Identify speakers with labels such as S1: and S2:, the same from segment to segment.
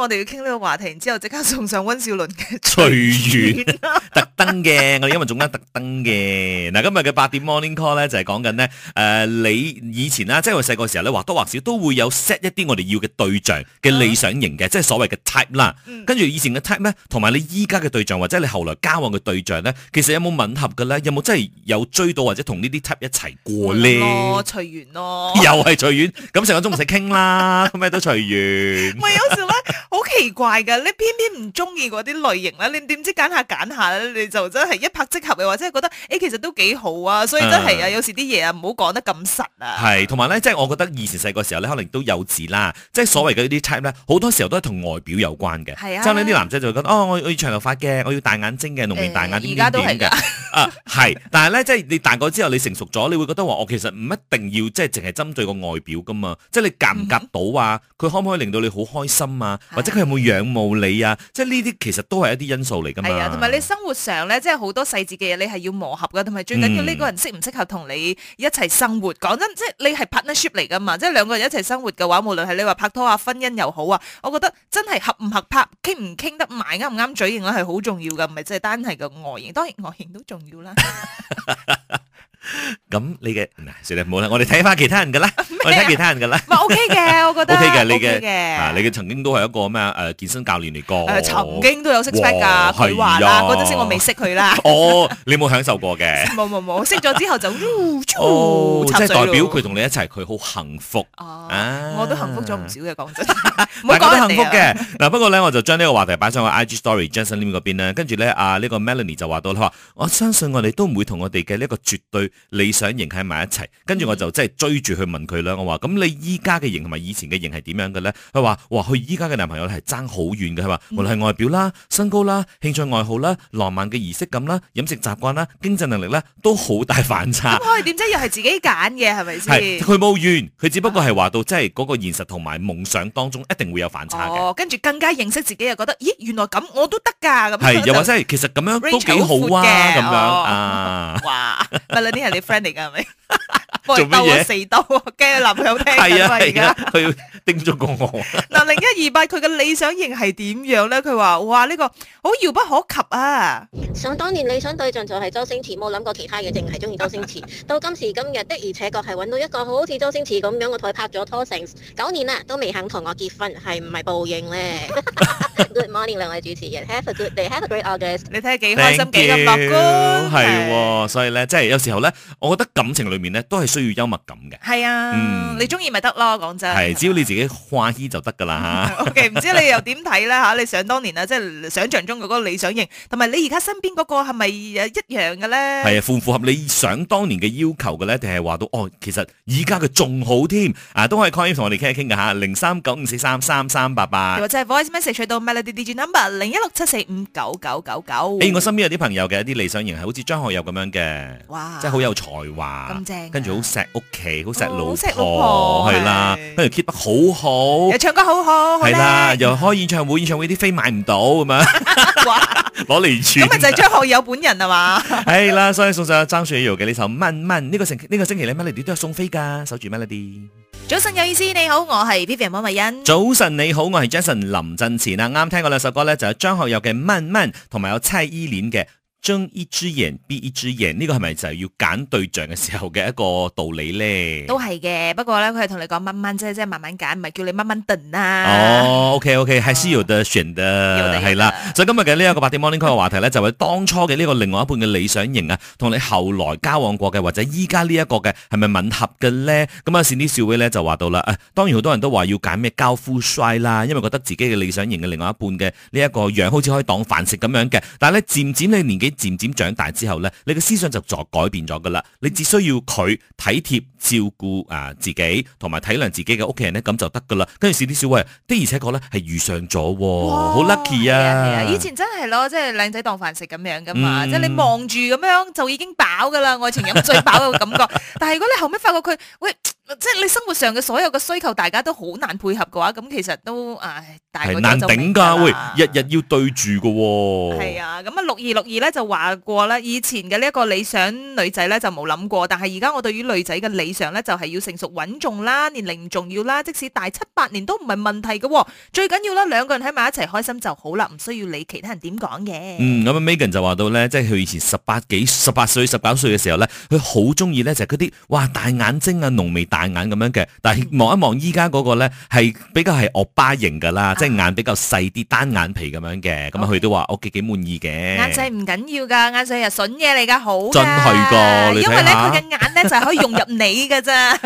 S1: 我哋要傾呢個話題，然之後即刻送上溫兆倫嘅
S2: 隨緣特登嘅， 意的 我哋因為做緊特登嘅嗱， 今日嘅八點 Morning Call 咧就係講緊呢。誒、就是呃，你以前啦，即、就、係、是、我細個時候咧，或多或少都會有 set 一啲我哋要嘅對象嘅理想型嘅、嗯，即係所謂嘅 type 啦、嗯。跟住以前嘅 type 咧，同埋你依家嘅對象，或者你後來交往嘅對象咧，其實有冇吻合嘅咧？有冇真係有追到或者同呢啲 type 一齊過咧？
S1: 隨緣咯，咯，又係
S2: 隨緣。咁 成日都唔使傾啦，咁 咩都隨緣。咪 有時
S1: 咧～ 奇怪噶，你偏偏唔中意嗰啲類型啦，你點知揀下揀下咧，你就真係一拍即合，又或者覺得誒其實都幾好啊，所以真係啊，有時啲嘢啊唔好講得咁實
S2: 啊。係，同埋咧，即係我覺得以前細個時候咧，你可能都幼稚啦，即係所謂嘅呢啲 type 咧，好多時候都係同外表有關嘅。係啊。之後咧啲男仔就會覺得：哦，我我要長頭髮嘅，我要大眼睛嘅，濃眉大眼點點點嘅。啊，係。但係咧，即係你大個之後，你成熟咗，你會覺得話：我其實唔一定要即係淨係針對個外表噶嘛。即係你夾唔夾到啊？佢可唔可以令到你好開心啊？或者佢係？會仰慕你啊，即係呢啲其實都係一啲因素嚟噶嘛。係啊，同埋
S1: 你生活上咧，即係好多細節嘅嘢，你係要磨合噶，同埋最緊要呢個人適唔適合同你一齊生活。講、嗯、真，即係你係 partnership 嚟噶嘛。即係兩個人一齊生活嘅話，無論係你話拍拖啊、婚姻又好啊，我覺得真係合唔合拍、傾唔傾得埋、啱唔啱嘴型咧，係好重要噶，唔係即係單係個外形，當然外形都重要啦。
S2: 咁你嘅唔係實力冇啦，我哋睇翻其他人噶啦，我睇其他人噶啦，
S1: 唔係 OK 嘅，我覺得 OK 嘅，你嘅、okay 啊、
S2: 你嘅曾經都係一個咩誒、呃，健身教練嚟過，曾經都有識 friend 噶，佢話啦，嗰陣、啊、時我未
S1: 識佢啦。哦，
S2: 你冇享受過嘅？
S1: 冇冇冇，我識咗之後就、 哦、即係代表佢
S2: 同你一齊，佢好幸福、啊啊、我
S1: 都幸福咗唔少嘅講
S2: 真，唔好講幸福嘅嗱。 不過咧，我就將呢個話題擺上去 IG Story Justin Lim 嗰邊啦。跟住咧，阿、啊、呢、這個 Melanie 就話到啦，話我相信我哋都唔會同我哋嘅呢一個絕對。理想型喺埋一齊，跟住我就即係追住去問佢啦。我話咁你依家嘅型同埋以前嘅型係點樣嘅咧？佢話哇，佢依家嘅男朋友係爭好遠嘅。佢、嗯、話無論係外表啦、身高啦、興趣愛好啦、浪漫嘅儀式感啦、飲食習慣啦、經濟能力呢，都好大反差。咁、
S1: 嗯、可以點解又係自己揀嘅係咪先？佢
S2: 冇怨，佢只不過係話到、啊、即係嗰個現實同埋夢想當中一定會有反差嘅。
S1: 跟、哦、住更加認識自己又覺得，咦，原來咁我都得噶咁。係又或者係其
S2: 實咁樣都幾好啊，咁、哦、樣、哦、啊
S1: 哇。 係你 friend 嚟㗎，係咪？做咩嘢？四刀，驚你男朋友聽緊嘛？而家
S2: 佢叮咗個我。
S1: 嗱， 零一二八，佢嘅理想型係點樣咧？佢話：哇，呢、這個好遙不可及啊！想、so, 當年理想對象就係周星馳，冇諗過其他嘢，淨係中意周星馳。 到今時今日，的而且確係揾到一個好似周星馳咁樣，我同佢拍咗拖成九年啦，都未肯同我結婚，係唔係報應咧 ？Good morning，兩位主持人，Have a good day，Have a great August 你。你睇下幾開心，幾咁樂觀。
S2: 係、啊啊，所以咧，即係有時候咧，我覺得感情裏面咧，都係。需要幽默感
S1: 嘅，係啊，嗯、你中意咪得咯？講真，係
S2: 只要你自己誇啲就得噶啦吓。OK，唔知你又點
S1: 睇咧吓？ 你想當年啊，即、就、係、是、想象中嗰個理想型，同埋你而家身邊嗰個係咪一樣嘅咧？係
S2: 啊，符唔符合你想當年嘅要求嘅咧？定係話到哦，其實而家嘅仲好添啊！都可以 call 同我哋傾一傾噶吓，零三九五四三三三八八，或
S1: 者係 voice message 取到 Melody number 零一六七四五九九九九。誒、哎，我
S2: 身邊有啲朋友嘅，啲理想型係好似張學友咁樣嘅，哇，即係好有才華，咁正，跟住好。錫屋企好錫老婆係啦，跟、哦、住 keep 得好好，又
S1: 唱歌好好，係啦，
S2: 又開演唱會，演唱會啲飛買唔到咁樣，攞嚟穿。咁 咪就係張學
S1: 友本人啊嘛？
S2: 係 啦，所以送上張學友嘅呢首《慢慢》呢、呢個星呢、呢個星期咧，乜你哋都有送飛噶，守住乜你哋。
S1: 早晨有意思，你好，我係 Vivian 王慧欣。
S2: 早晨你好，我係 Jason 林振前啊，啱聽嗰兩首歌咧，就係張學友嘅《慢慢》，同埋有蔡依林嘅。將一隻眼閉一隻眼，呢、這個係咪就係要揀對象嘅時候嘅一個道理咧？都
S1: 係嘅，不過咧佢係同你講蚊蚊啫，即係慢慢揀，唔係叫你蚊蚊定啦。哦
S2: ，OK OK，係、哦、需要的選的係啦。所以今日嘅呢一個八點 morning call 嘅話題咧， 就係當初嘅呢個另外一半嘅理想型啊，同你後來交往過嘅或者依家呢一個嘅係咪吻合嘅咧？咁啊，善啲少尉咧就話到啦，誒，當然好多人都話要揀咩高富帥啦，因為覺得自己嘅理想型嘅另外一半嘅呢一個樣，好似可以當飯食咁樣嘅。但係咧，漸漸你年紀，漸漸長大之後咧，你嘅思想就作改變咗噶啦。你只需要佢體貼照顧誒自己，同埋體諒自己嘅屋企人咧，咁就得噶啦。跟住小啲小慧的而且確咧係遇上咗，好 lucky 啊，是是！以前
S1: 真係咯、就是，即係靚仔當飯食咁樣噶嘛，嗯、即係你望住咁樣就已經飽噶啦，愛情飲醉飽嘅感覺。 但係如果你後尾發覺佢，喂。即係你生活上嘅所有嘅需求，大家都好難配合嘅話，咁其實都唉，大難頂噶，喂，
S2: 日日要對住噶喎。
S1: 係啊，咁啊六二六二咧就話過啦，以前嘅呢一個理想女仔咧就冇諗過，但係而家我對於女仔嘅理想咧就係要成熟穩重啦，年齡唔重要啦，即使大七八年都唔係問題嘅。最緊要啦，兩個人喺埋一齊開心就好啦，唔需要理其他人點講嘅。嗯，
S2: 咁啊 Megan 就話到咧，即係佢以前十八幾、十八歲、十九歲嘅時候咧，佢好中意咧就嗰啲哇大眼睛啊濃眉大眼眼咁樣嘅，但係望一望依家嗰個咧，係比較係惡巴型噶啦，即係眼比較細啲，單眼皮咁樣嘅，咁啊佢都話我幾幾滿意嘅。眼仔唔
S1: 緊要噶，眼仔係笋嘢嚟噶，好真係
S2: 噶。因為咧佢嘅
S1: 眼咧就係可以融入你噶咋。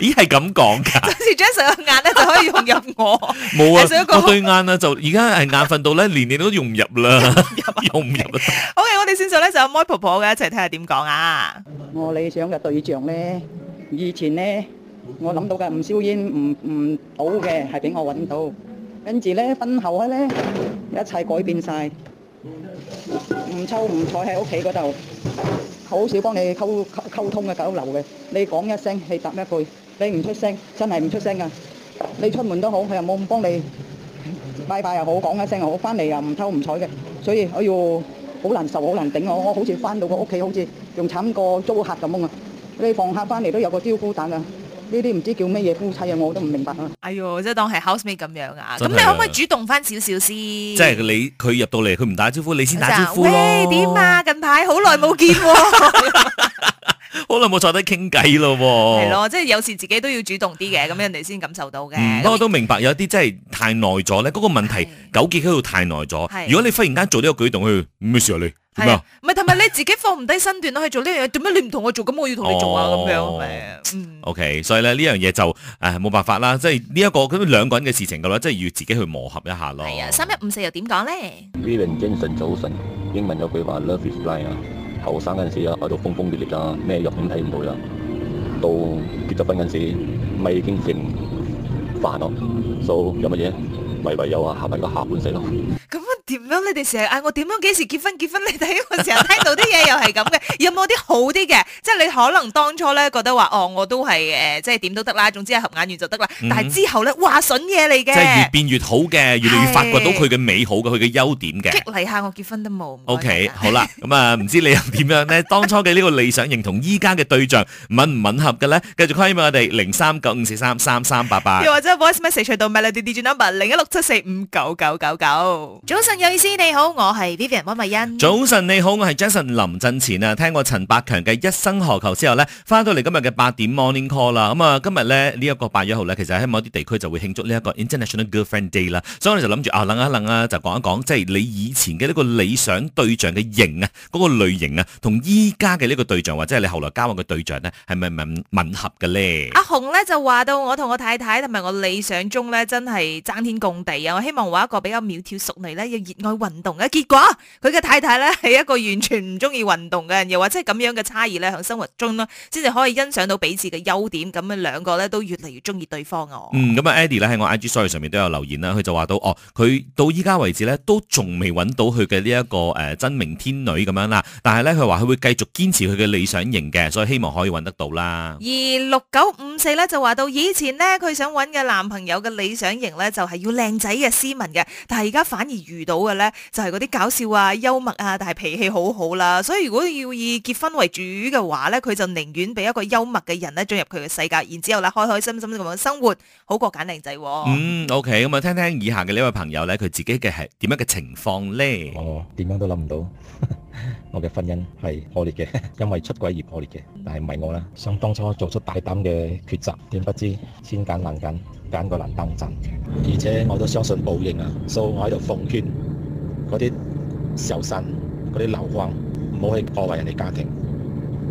S2: 咦，係咁講噶？到
S1: 時 Jasper 嘅眼咧就可以融入我。冇啊，我對
S2: 眼啊就而家係眼瞓到咧，連你都融唔入啦，融
S1: 唔入。OK，我哋線上咧就有 my 婆婆嘅一齊睇下點講啊。
S2: 我理想嘅對象咧。以前呢，我諗到嘅唔燒煙唔唔倒嘅係俾我揾到，跟住咧婚後咧一切改變晒。唔抽唔睬喺屋企嗰度，好少幫你溝通嘅交流嘅。你講一聲，你答一句，你唔出聲，真係唔出聲㗎。你出門都好，佢又冇咁幫你拜拜又好，講一聲又好，翻嚟又唔抽唔睬嘅。所以哎呦，好難受，好難頂，我我好似翻到個屋企，好似仲慘過租客咁啊！你房客翻嚟都有個
S1: 招呼蛋啊！呢啲唔知叫咩嘢夫妻啊，我都唔明白啊！哎呦，即係當係 housemate 咁樣啊！咁你可唔可以主動翻少少先？即係
S2: 你佢入到嚟，佢唔打招呼，你先打招呼咯？喂、哎，點啊？
S1: 近排好耐冇見喎、啊！
S2: 可能冇坐低傾偈咯喎，係咯，
S1: 即係有時自己都要主動啲嘅，咁樣人哋先感受到嘅。不、嗯、過
S2: 都明白有啲真係太耐咗咧，嗰、那個問題糾結喺度太耐咗。如果你忽然間做呢個舉動，去咩事啊你？係啊，
S1: 唔係同埋你自己放唔低身段去做呢樣嘢，點解你唔同我做？咁我要同你做啊咁、哦、樣。嗯、
S2: o、okay, K，所以咧呢樣嘢就誒冇、啊、辦法啦，即係呢一個咁兩個人嘅事情噶啦，即係要自己去磨合一下咯。係啊，
S1: 三一五四又點講咧
S2: ？Vivian，精神早晨，英文有句話，Love is blind 啊。後生嗰陣時啊，喺度風風烈烈啊，咩弱點都睇唔到啦。到結咗婚嗰陣時，咪變成煩咯。所、so, 以有乜嘢咪唯有啊，行埋個下半世囉。
S1: 咁你哋成日嗌我點樣幾時結婚？結婚你睇我成日聽到啲嘢又係咁嘅，有冇啲好啲嘅？即係你可能當初咧覺得話，哦，我都係誒，即係點都得啦，總之係合眼緣就得啦。但係之後咧，哇，筍嘢嚟嘅。即係越
S2: 變越好嘅，越嚟越發掘到佢嘅美好，佢嘅優點嘅。激
S1: 嚟下我結婚都冇。
S2: O K，好啦，咁啊，唔知你又點樣咧？當初嘅呢個理想型同依家嘅對象吻唔吻合嘅咧？繼續 call 埋我哋零三九五四三三三八八，又或
S1: 者 voice message 到 Melody digital number 零一六七四五九九九九。早晨有。師你好，我係 Vivian 溫慧欣。早
S2: 晨你好，我係 Jason 林振前啊。聽過陳百強嘅《一生何求》之後咧，翻到嚟今日嘅八點 Morning Call 啦。咁、嗯、啊，今天、這個、日咧呢一個八月一號咧，其實喺某啲地區就會慶祝呢一個 International Girlfriend Day 啦。所以我就諗住啊，諗一諗啊，就講一講，即、就、係、是、你以前嘅呢個理想對象嘅型啊，嗰、那個類型啊，同依家嘅呢個對象或者係你後來交往嘅對象呢，係咪吻吻合嘅呢？
S1: 阿紅咧就話到，我同我太太同埋我理想中呢，真係爭天共地啊！我希望話一個比較苗條淑女呢，要熱愛，運動嘅結果，佢嘅太太咧係一個完全唔中意運動嘅人，又或者係咁樣嘅差異咧喺生活中咯，先至可以欣賞到彼此嘅優點。咁啊，兩個咧都越嚟越中意對方啊。
S2: 嗯，咁啊，Eddie 咧喺我 IGstory 上面都有留言啦，佢就話到哦，佢到依家為止咧都仲未揾到佢嘅呢一個誒真命天女咁樣啦。但係咧佢話佢會繼續堅持佢嘅理想型嘅，所以希望可以揾得到啦。而
S1: 六九五四咧就話到以前咧佢想揾嘅男朋友嘅理想型咧就係要靚仔嘅斯文嘅，但係而家反而遇到嘅咧，咧就係嗰啲搞笑啊、幽默啊，但係脾氣好好啦。所以如果要以結婚為主嘅話呢，佢就寧願俾一個幽默嘅人呢進入佢嘅世界，然之後呢開開心心咁樣生活，好過揀靚仔。嗯
S2: ，OK，咁啊，聽聽以下嘅呢位朋友呢，佢自己嘅係點樣嘅情況呢？哦，點樣都諗唔到，我嘅婚姻係破裂嘅，因為出軌而破裂嘅。但係唔係我啦，想當初做出大膽嘅抉擇，點不知千揀萬揀揀個爛燈盞，而且我都相信報應啊，所以我喺度奉勸。嗰啲仇恨、嗰啲流放，唔好去破壞人哋家庭，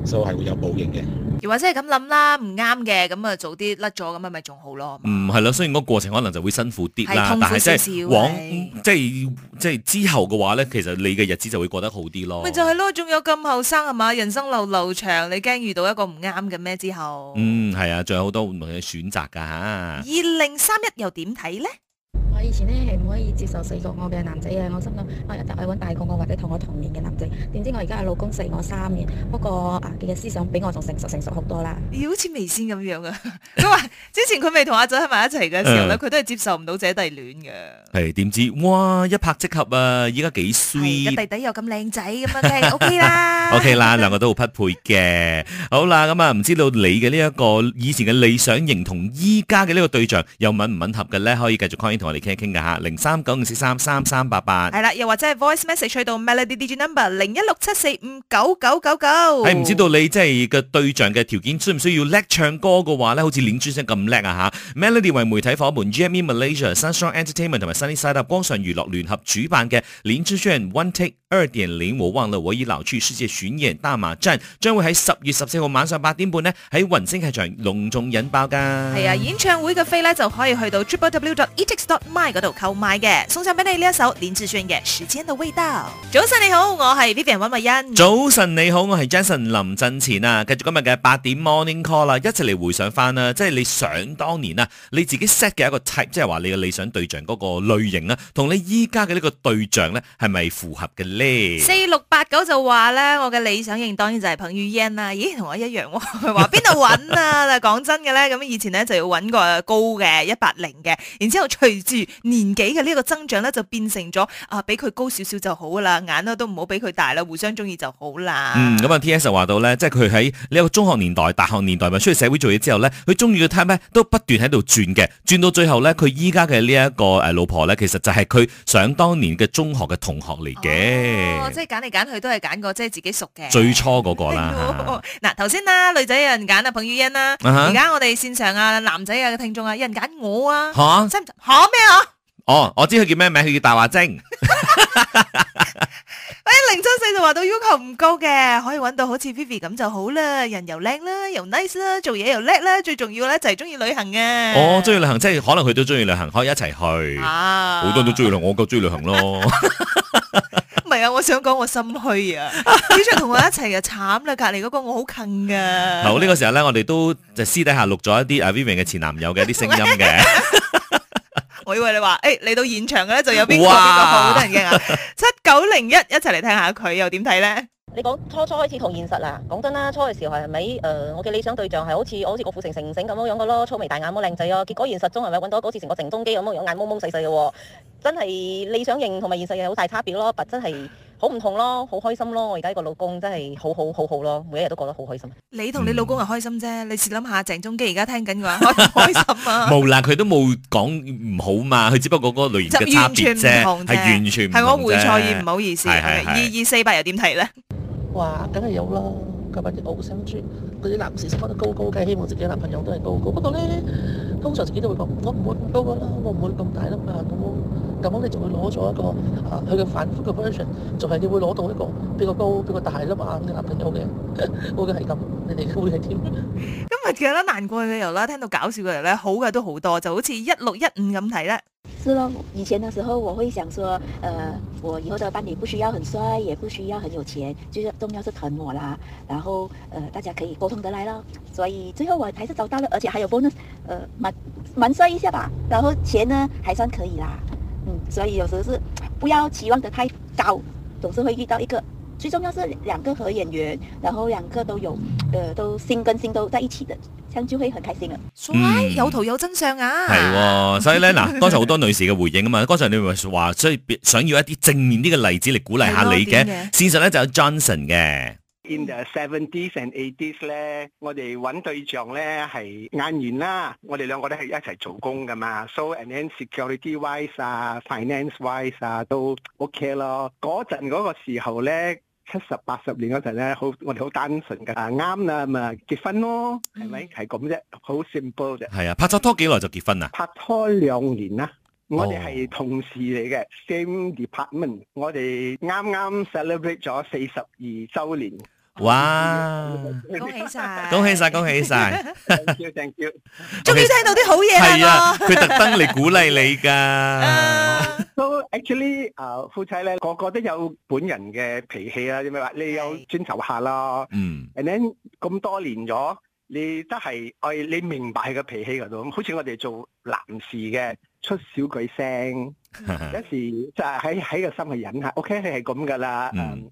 S2: 所以係會有報應嘅。
S1: 又或者係咁諗啦，唔啱嘅，咁啊早啲甩咗，咁啊咪仲好咯。
S2: 唔係咯，雖然個過程可能就會辛苦啲啦，但係即係往即係即係之後嘅話咧，其實你嘅日子就會過得好啲咯。咪就
S1: 係、是、咯，仲有咁後生係嘛，人生路路長，你驚遇到一個唔啱嘅咩之後？
S2: 嗯，係啊，仲有好多唔同嘅選擇噶吓。二
S1: 零三一又點睇咧？以前咧係唔可以接受細過我嘅男仔嘅，我心諗我一定係揾大過我或者同我同年嘅男仔。點知我而家嘅老公細我三年，不過啊，佢嘅思想比我仲成熟成熟好多啦。咦？好似微仙咁樣嘅。佢話之前佢未同阿仔喺埋一齊嘅時候咧，佢都係接受唔到姐弟戀嘅。
S2: 係點知哇一拍即合啊！依家幾 sweet。個弟
S1: 弟又咁靚仔
S2: 咁樣，OK 啦。OK 啦，兩個都好匹配嘅。好啦，咁啊，唔知道你嘅呢一個以前嘅理想型同依家嘅呢個對象又吻唔吻合嘅咧？可以繼續 call in 同我哋傾。傾噶吓，零三九五四三三三八八，係
S1: 啦，又或者係 voice message 去到 Melody Digi Number 零一六七四五九九九九。係、欸、唔知道
S2: 你即係嘅對象嘅條件，需唔需要叻唱歌嘅話咧？好似林志炫咁叻啊吓！Melody 為媒體伙伴 GME Malaysia Sunshine Entertainment 同埋 Sunny Side Up 光尚娛樂聯合主辦嘅林志炫 One Take 二點零，我忘了，我已老去世界巡演大馬站，將會喺十月十四號晚上八點半呢，喺雲星劇場隆重引爆噶。係啊，演
S1: 唱會嘅飛咧就可以去到 www.etix.my 喺度購買嘅，送上俾你呢一首林志炫嘅《時間的味道》。早晨你好，我係 Vivian 溫慧欣。
S2: 早晨你好，我係 Jason 林振前啊。繼續今日嘅八點 Morning Call 啦、啊，一齊嚟回想翻啦、啊。即、就、係、是、你想當年啊，你自己 set 嘅一個 type，即係話你嘅理想對象嗰個類型啊，同你依家嘅呢個對象咧係咪符合嘅咧？四
S1: 六八九就話咧，我嘅理想型當然就係彭于晏啦。咦，同我一樣、哦？佢話邊度搵啊？講 真嘅咧，咁以前咧就要搵個高嘅一八零嘅，然之後隨住。年紀嘅呢個增長咧，就變成咗啊，比佢高少少就好啦，眼啊都唔好比佢大啦，互相中意就好啦。嗯，
S2: 咁啊，T.S. 就話到咧，即係佢喺呢個中學年代、大學年代，咪出嚟社會做嘢之後咧，佢中意嘅 time 咧，都不斷喺度轉嘅。轉到最後咧，佢依家嘅呢一個誒老婆咧，其實就係佢想當年嘅中學嘅同學嚟嘅，哦。即
S1: 係揀嚟揀去都係揀個即係自己熟嘅。最
S2: 初嗰個啦。
S1: 嗱，頭先啦，女仔有人揀啊，彭于晏啦。嗯哼。而家我哋線上啊，男仔啊嘅聽眾啊，有人揀我啊。
S2: 吓，啊？咩，啊，吓？哦，我知佢叫咩名？佢叫大話精。
S1: 哎，零七歲就話到要求唔高嘅，可以搵到好似 Vivi 咁就好啦，人又靚啦，又 nice 啦，做嘢又叻啦，最重要咧就係中意旅行嘅。我
S2: 中意旅行，即係可能佢都中意旅行，可以一齊去。
S1: 啊，好多人
S2: 都中意咯，我都中意旅行咯。
S1: 唔 係啊，我想講我心虛啊，李卓同我一齊啊，慘啦，隔籬嗰個我很近的好近噶。嗱，呢個
S2: 時候咧，我哋都就私底下錄咗一啲阿 Vivi 嘅前男友嘅一啲聲音嘅。
S1: 每位你話，誒嚟到現場嘅咧就有邊個邊個好得人驚啊？七九零一，一齊嚟聽下佢又點睇咧？你講初初開始同現實啦，講真啦，初嘅時候係咪誒，我嘅理想對象係好似我好似個富城城城咁樣樣嘅咯，粗眉大眼咁靚仔啊，結果現實中係咪搵到好似成個城中基咁樣眼矇矇細細嘅喎，真係理想型同埋現實嘅好大差別咯，啊，但真係。好唔同咯，好開心咯！我而家個老公真係好好好好咯，每一日都過得好開心。你同你老公係開心啫，你試諗下鄭中基而家聽緊話開唔
S2: 開心啊？無啦，佢都冇講唔好嘛，佢只不過嗰個類型嘅差別啫，係完全唔同，係我會錯意，唔好意思，二二
S1: 四八又點睇咧？
S2: 哇，梗係有啦，今日啲偶像豬嗰啲男士乜都高高嘅，希望自己男朋友都係高高，不過咧通常自己都會講我唔會咁高噶啦，我唔會咁大粒牙嘅喎。咁我你就會攞咗一個啊，佢嘅反覆嘅 version，就係你會攞到一個比較高、比較大粒嘛嘅男朋友嘅，會嘅係
S1: 咁。你哋會係今日覺得難過嘅嘢有啦，聽到搞笑嘅咧，好嘅都好多，就好似一六一五咁睇咧。是咯，以前嘅時候，我會想說，呃，我以後嘅伴侶不需要很帥，也不需要很有錢，就是重要是疼我啦。然後，呃，大家可以溝通得來咯。所以最後我還是找到了，而且還有 bonus，呃，蠻蠻帥一下吧。然後錢呢，還算可以啦。所以有時候是不要期望得太高，總是會遇到一個最重要是兩個合演員，然後兩個都有，呃都心跟心都在一起的，相處會很開心啊。所、嗯、以、嗯、有圖有真相啊。係、哦，所以咧嗱，多謝好多
S2: 女士嘅回應啊嘛，剛才你咪話，所以想要一啲正面啲嘅例子嚟鼓勵下你嘅，事實咧就有 Johnson 嘅。
S3: In the seventies and eighties 咧，我哋揾對象咧係眼緣啦，我哋兩個都係一齊做工噶嘛，so and then security wise 啊，finance wise 啊都 ok 咯。嗰陣嗰個時候咧，七十八十年嗰陣咧，好我哋好單純噶，啱啦咪結婚咯，係咪係咁啫？好 simple 啫。係啊，拍咗拖幾耐就結婚啊？拍拖兩年啦，我哋係同事嚟嘅，same department。我哋啱啱 celebrate 咗四十二週年。哇！
S2: 恭喜晒，恭喜晒，
S3: 恭喜晒！Thank you, thank you，終於聽到啲好嘢啦！係啊，佢特登嚟鼓勵你噶。都 actually，誒，夫妻咧個個都有本人嘅脾氣啦，點樣話你有遵守下咯？嗯，咁咁多年咗，你都係誒，你明白佢嘅脾氣嗰度，好似我哋做男士嘅，出少句聲，有時就喺喺個心去忍下。OK，你係咁噶啦。嗯。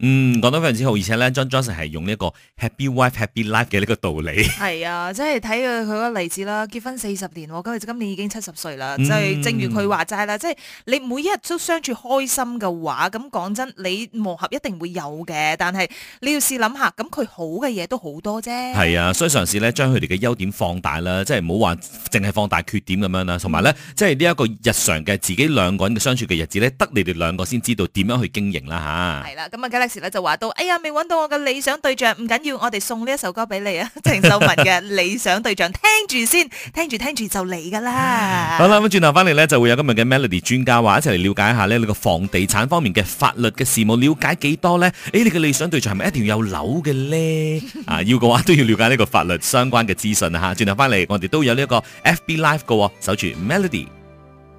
S2: 嗯，講得非常之好，而且咧，John Johnson 係用呢一個 Happy Wife Happy Life 嘅呢個道理。
S3: 係啊，即係
S1: 睇佢佢個例子啦，結婚四十年，今佢今年已經七十歲啦，即係正如佢話齋啦，即係你每一日都相處開心嘅話，咁講真，你磨合一定會有嘅，但係你要試諗下，咁佢好嘅嘢都好多啫。係
S2: 啊，所以嘗試咧將佢哋嘅優點放大啦，即係唔好話淨係放大缺點咁樣啦，同埋咧，即係呢一個日常嘅自己兩個人嘅相處嘅日子咧，得你哋兩個先知道點樣去經營啦吓。係
S1: 啦，咁啊，時咧就話到，哎呀，未揾到我嘅理想對象，唔緊要，我哋送呢一首歌俾你啊，鄭秀文嘅理想對象， 聽住先，聽住聽住就嚟噶啦。
S2: 好啦，咁轉頭翻嚟咧，就會有今日嘅 Melody 專家話一齊嚟了解一下呢，你、這個房地產方面嘅法律嘅事務了解幾多呢？誒、欸，你嘅理想對象係咪一定要有樓嘅呢？ 啊，要嘅話都要了解呢個法律相關嘅資訊啊！吓，轉頭翻嚟，我哋都有呢一個 FB Live 嘅，守住 Melody。